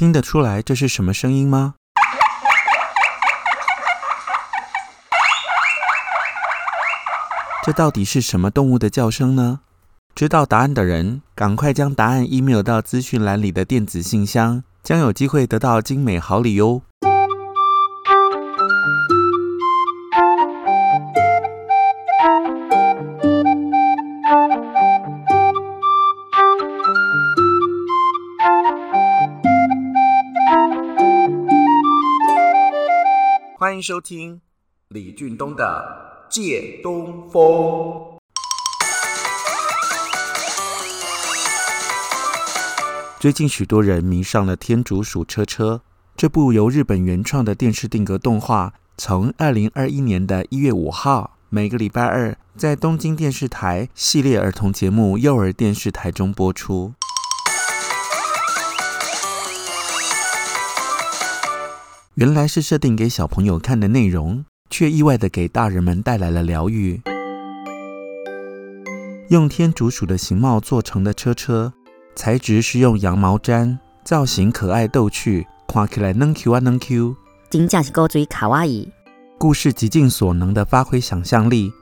聽得出來這是什麼聲音嗎？這到底是什麼動物的叫聲呢？知道答案的人，趕快將答案 email 到資訊欄裡的電子信箱，將有機會得到精美好禮喲。歡迎收聽李俊東的《借東風》。最近，許多人迷上了《天竺鼠車車》這部由日本原創的電視定格動畫，從二零二一年的一月五號，每個禮拜二，在東京電視台系列兒童節目《幼兒電視台》中播出。原來是設定給小朋友看的內容，卻意外地給大人們帶來了療癒。用天竺鼠的形貌做成的車車，材質是用羊毛氈，造型可愛逗趣，看起來嫩 Q 啊嫩 Q，真正是夠最卡哇伊。故事極盡所能地发揮想象力，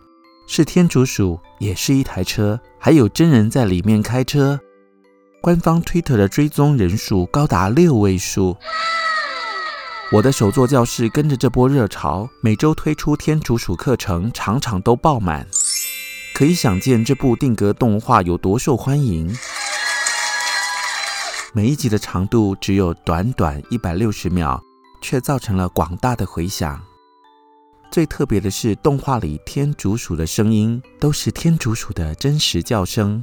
是天竺鼠，也是一台車，還有真人在裡面開車。官方 Twitter 的追蹤人數高達六位數。我的手作教室跟着這波熱潮，每周推出天竺鼠課程，場場都爆滿。可以想見這部定格動畫有多受歡迎。每一集的長度只有短短一百六十秒，卻造成了廣大的迴響。最特別的是，動畫裡天竺鼠的聲音都是天竺鼠的真實叫聲。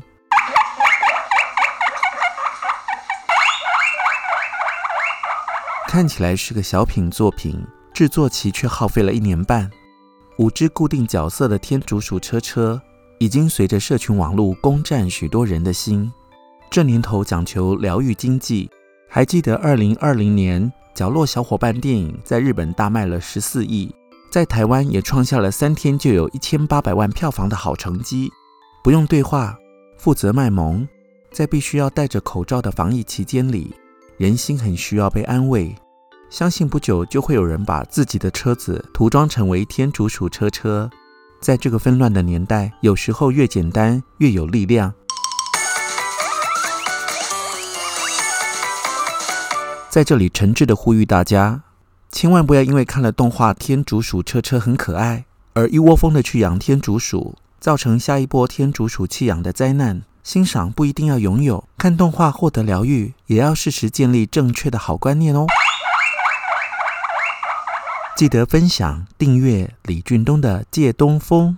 看起來是個小品作品，製作期卻耗費了一年半。五只固定角色的天竺鼠車車已經隨着社群網絡攻占許多人的心。這年頭講求療癒經濟，還記得二零二零年《角落小夥伴》電影在日本大賣了十四億，在台灣也創下了三天就有一千八百萬票房的好成績。不用對話，負責賣萌，在必須要戴着口罩的防疫期間裡，人心很需要被安慰。相信不久就會有人把自己的車子塗裝成為天竺鼠車車。在這個紛亂的年代，有時候越簡單越有力量。在這裡誠摯的呼籲大家，千萬不要因為看了動畫《天竺鼠車車》很可愛，而一窩蜂的去養天竺鼠，造成下一波天竺鼠棄養的災難。欣賞不一定要擁有，看動畫獲得療癒，也要適時建立正確的好觀念哦。記得分享、訂閱李俊東的《借東風》。